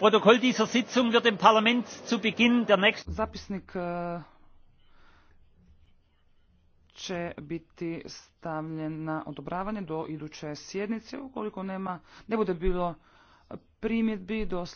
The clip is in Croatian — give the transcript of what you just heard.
protokoll dieser sitzung wird dem parlament zu beginn der nächsten zapisnik e, će biti stavljen na odobravanje do iduće sjednice ukoliko nema ne bude bilo primjedbi do